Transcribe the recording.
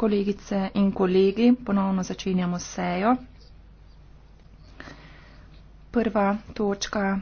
kolegice in kolegi, ponovno začenjamo sejo. Prva točka